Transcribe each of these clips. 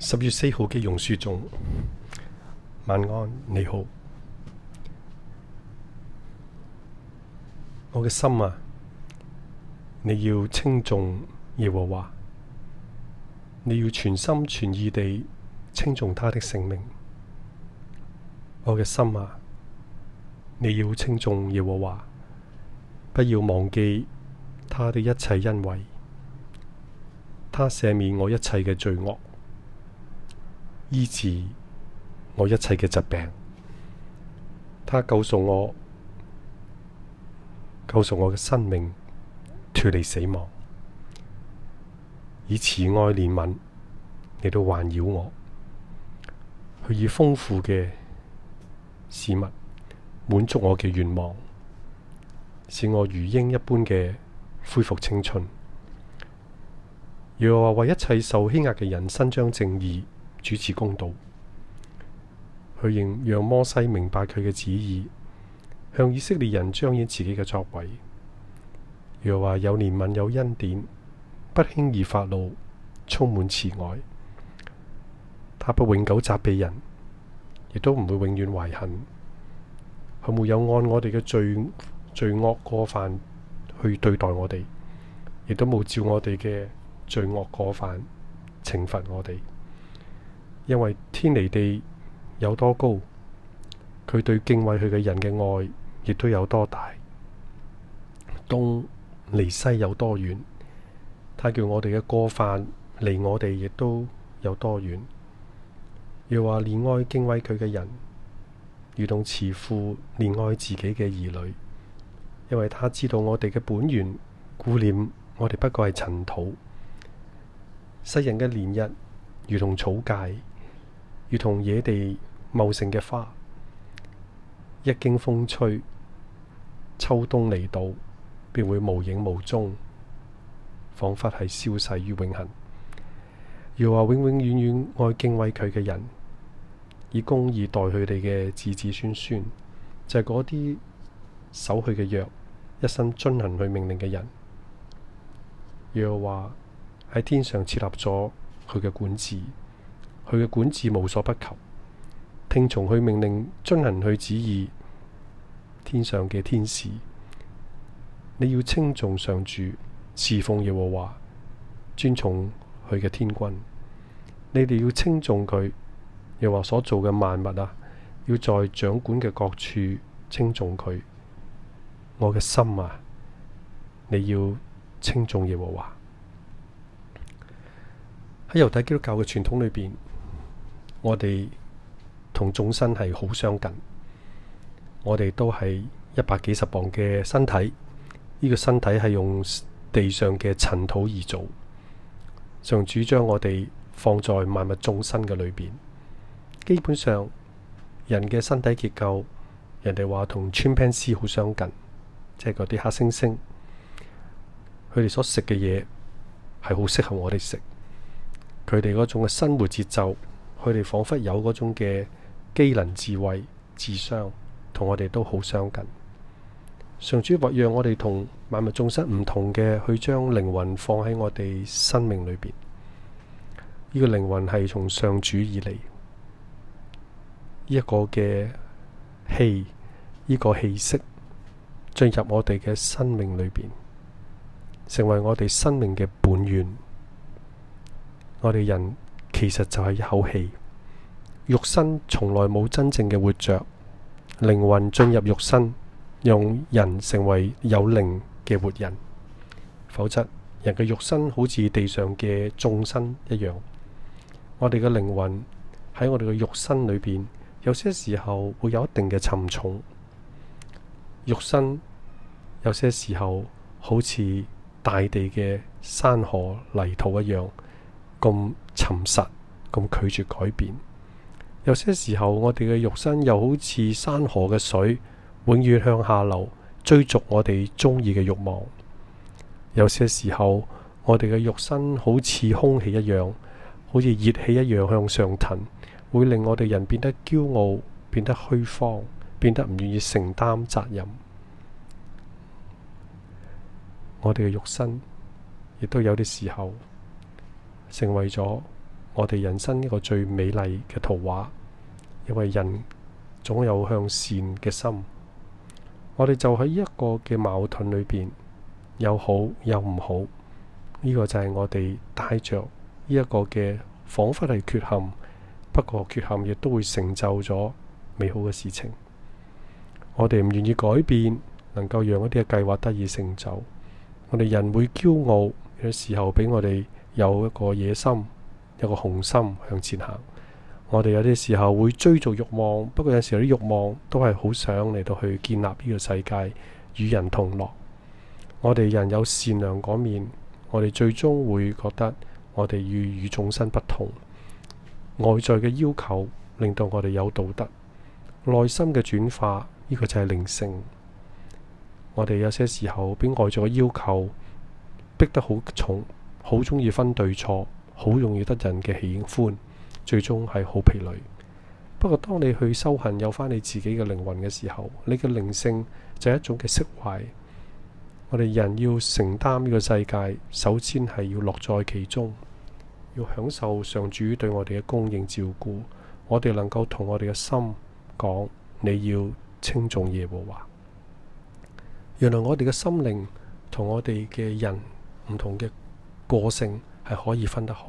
十月四號嘅榕樹總晚安，你好。我嘅心啊，你要稱頌耶和華，你要全心全意地稱頌他的聖名。我嘅心啊，你要稱頌耶和華，不要忘記他的一切恩惠，他赦免我一切嘅罪惡。醫治我一切嘅疾病，他救贖我，救贖我嘅生命脫離死亡，以慈愛憐憫嚟到環繞我。佢以豐富嘅事物滿足我嘅願望，使我如鷹一般嘅恢復青春。若我為一切受欺壓嘅人伸張正義。主持公道，佢仍讓摩西明白佢嘅旨意，向以色列人彰顯自己嘅作為。若話有憐憫，有恩典，不輕易發怒，充滿慈愛，他不永久責備人，亦都唔會永遠懷恨。佢沒有按我哋嘅罪罪惡過犯去對待我哋，亦都冇照我哋嘅罪惡過犯懲罰我哋。因為天離地有多高，佢對敬畏佢嘅人嘅愛亦都有多大；東離西有多遠，他叫我哋嘅過犯離我哋亦都有多遠。又話憐愛敬畏佢嘅人，如同慈父憐愛自己嘅兒女，因為他知道我哋嘅本源，顧念我哋不過係塵土，世人嘅年日如同草芥。如同野地茂盛嘅花，一經風吹，秋冬嚟到，便會無影無蹤，彷彿係消逝於永恆。若話永永遠遠愛敬畏佢嘅人，以公義待佢哋嘅子子孫孫，就係嗰啲守佢嘅約，一生遵行佢命令嘅人。若話喺天上設立咗佢嘅管治。佢嘅管治無所不及，聽從佢命令，遵行佢旨意。天上嘅天使，你要稱頌上主，侍奉耶和華，尊重佢嘅天君。你哋要稱頌佢，又話所做嘅萬物啊，要在掌管嘅各處稱頌佢。我嘅心啊，你要稱頌耶和華。喺猶太基督教嘅傳統裏邊。我哋同眾生係好相近，我哋都係一百幾十磅嘅身體，呢、這個身體係用地上嘅塵土而做。上主將我哋放在萬物眾生嘅裏邊，基本上人嘅身體結構，人哋話同 chimpanzee 好相近，即係嗰啲黑猩猩，佢哋所食嘅嘢係好適合我哋食，佢哋嗰種嘅生活節奏。佢哋仿佛有嗰種嘅機能、智慧、智商，同我哋都好相近。上主或讓我哋同萬物眾生唔同嘅，去將靈魂放喺我哋生命裏邊。呢個靈魂係從上主而嚟，一個嘅氣，呢個氣息進入我哋嘅生命裏邊，成為我哋生命嘅本源。我哋人。其實就係一口氣，肉身從來冇真正嘅活著。靈魂進入肉身，用人成為有靈嘅活人，否則人嘅肉身好似地上嘅眾生一樣。我哋嘅靈魂喺我哋嘅肉身裏邊，有些時候會有一定嘅沉重。肉身有些時候好似大地嘅山河泥土一樣咁。沉實咁拒絕改變，有些時候我哋嘅肉身又好似山河嘅水，永遠向下流，追逐我哋中意嘅慾望；有些時候我哋嘅肉身好似空氣一樣，好似熱氣一樣向上騰，會令我哋人變得驕傲、變得虛荒，變得唔願意承擔責任。我哋嘅肉身亦都有啲時候。成為咗我哋人生一個最美麗嘅圖畫，因為人總有向善嘅心。我哋就喺一個嘅矛盾裏邊，有好有唔好。呢、這個就係我哋帶着呢一個嘅，仿佛係缺陷，不過缺陷亦都會成就咗美好嘅事情。我哋唔願意改變，能夠讓一啲嘅計劃得以成就。我哋人會驕傲有時候，俾我哋。有一個野心，有一個雄心向前行。我哋有啲時候會追逐慾望，不過有陣時啲慾望都係好想嚟到去建立呢個世界，與人同樂。我哋人有善良嗰面，我哋最終會覺得我哋與眾生不同。外在嘅要求令到我哋有道德，內心嘅轉化呢個就係靈性。我哋有些時候俾外在嘅要求逼得好重。好中意分對錯，好容易得人嘅喜歡，最終係好疲累。不過當你去修行有翻你自己嘅靈魂嘅時候，你嘅靈性就一種嘅釋懷。我哋人要承擔呢個世界，首先係要樂在其中，要享受上主對我哋嘅供應照顧。我哋能夠同我哋嘅心講，你要稱頌耶和華。原來我哋嘅心靈我同我哋嘅人唔同嘅。個性係可以分得開，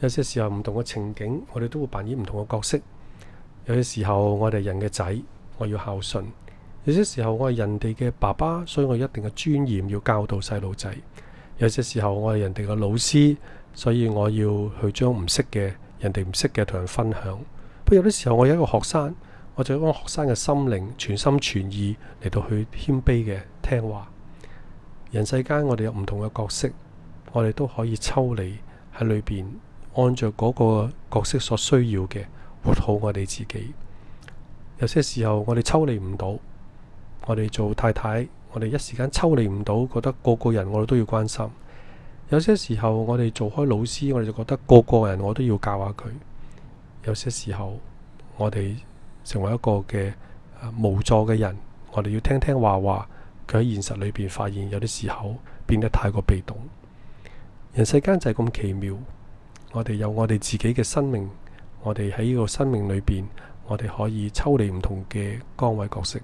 有些時候唔同嘅情景，我哋都會扮演唔同嘅角色。有些時候我哋人嘅仔，我要孝順；有些時候我係人哋嘅爸爸，所以我一定嘅尊嚴要教導細路仔。有些時候我係人哋嘅老師，所以我要去將唔識嘅人哋唔識嘅同人分享。不過有啲時候我有一個學生，我就按學生嘅心靈全心全意嚟到去謙卑嘅聽話。人世間我哋有唔同嘅角色。我哋都可以抽離喺裏邊，按照嗰個角色所需要嘅，活好我哋自己。有些時候我哋抽離唔到，我哋做太太，我哋一時間抽離唔到，覺得個個人我都要關心。有些時候我哋做開老師，我哋就覺得個個人我都要教下佢。有些時候我哋成為一個嘅無助嘅人，我哋要聽聽話話，佢喺現實裏邊發現有啲時候變得太過被動。人世間就係咁奇妙，我哋有我哋自己嘅生命，我哋喺呢個生命裏邊，我哋可以抽離唔同嘅崗位角色。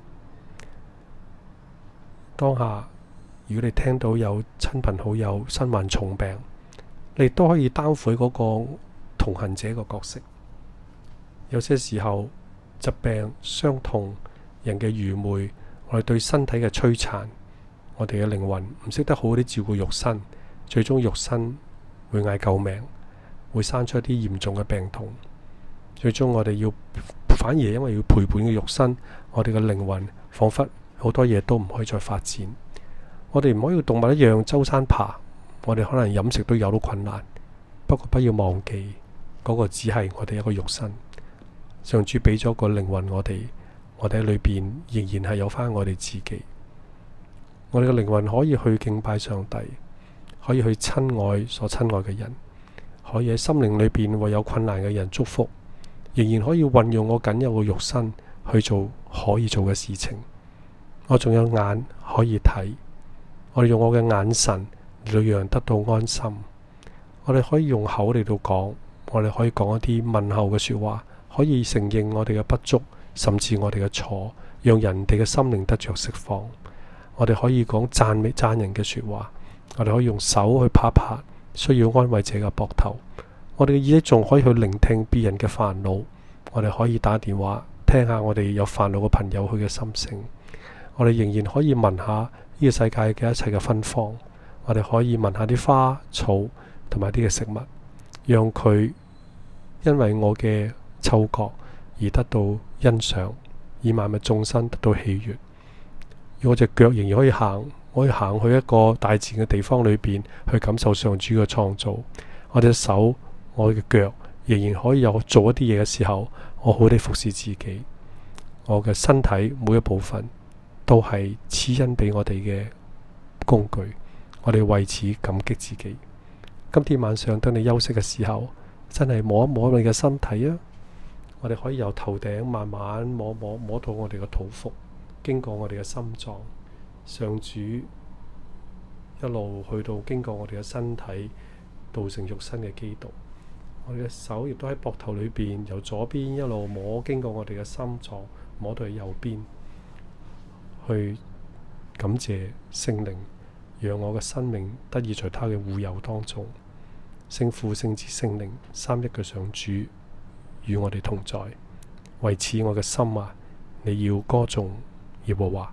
當下，如果你聽到有親朋好友身患重病，你都可以擔負嗰個同行者嘅角色。有些時候，疾病、傷痛、人嘅愚昧，我哋對身體嘅摧殘，我哋嘅靈魂唔識得好好啲照顧肉身。最終肉身會嗌救命，會生出一啲嚴重嘅病痛。最終我哋要反而因為要陪伴嘅肉身，我哋嘅靈魂仿佛好多嘢都唔可以再發展。我哋唔可以動物一樣周山爬，我哋可能飲食都有到困難。不過不要忘記嗰個只係我哋一個肉身。上主俾咗個靈魂我哋，我哋喺裏邊仍然係有翻我哋自己。我哋嘅靈魂可以去敬拜上帝。可以去親愛所親愛嘅人，可以喺心靈裏邊為有困難嘅人祝福，仍然可以運用我僅有嘅肉身去做可以做嘅事情。我仲有眼可以睇，我哋用我嘅眼神嚟到讓人得到安心。我哋可以用口嚟到講，我哋可以講一啲問候嘅説話，可以承認我哋嘅不足，甚至我哋嘅錯，讓人哋嘅心靈得着釋放。我哋可以講讚美讚人嘅説話。我哋可以用手去拍拍需要安慰者嘅膊頭，我哋嘅意識仲可以去聆聽別人嘅煩惱，我哋可以打電話聽下我哋有煩惱嘅朋友佢嘅心聲，我哋仍然可以聞下呢個世界嘅一切嘅芬芳，我哋可以聞下啲花草同埋啲嘅食物，讓佢因為我嘅嗅覺而得到欣賞，而萬物眾生得到喜悅。我隻腳仍然可以行。可以行去一個大自然嘅地方裏邊，去感受上主嘅創造。我哋嘅手、我嘅腳，仍然可以有做一啲嘢嘅時候，我好地服侍自己。我嘅身體每一部分都係賜恩俾我哋嘅工具，我哋為此感激自己。今天晚上等你休息嘅時候，真係摸一摸你嘅身體啊！我哋可以由頭頂慢慢摸摸摸到我哋嘅肚腹，經過我哋嘅心臟。上主一路去到，經過我哋嘅身體，道成肉身嘅基督。我哋嘅手亦都喺膊頭裏邊，由左邊一路摸，經過我哋嘅心臟，摸到去右邊，去感謝聖靈，讓我嘅生命得以在他嘅護佑當中。聖父、聖子、聖靈，三一嘅上主與我哋同在。為此，我嘅心啊，你要歌頌耶和華。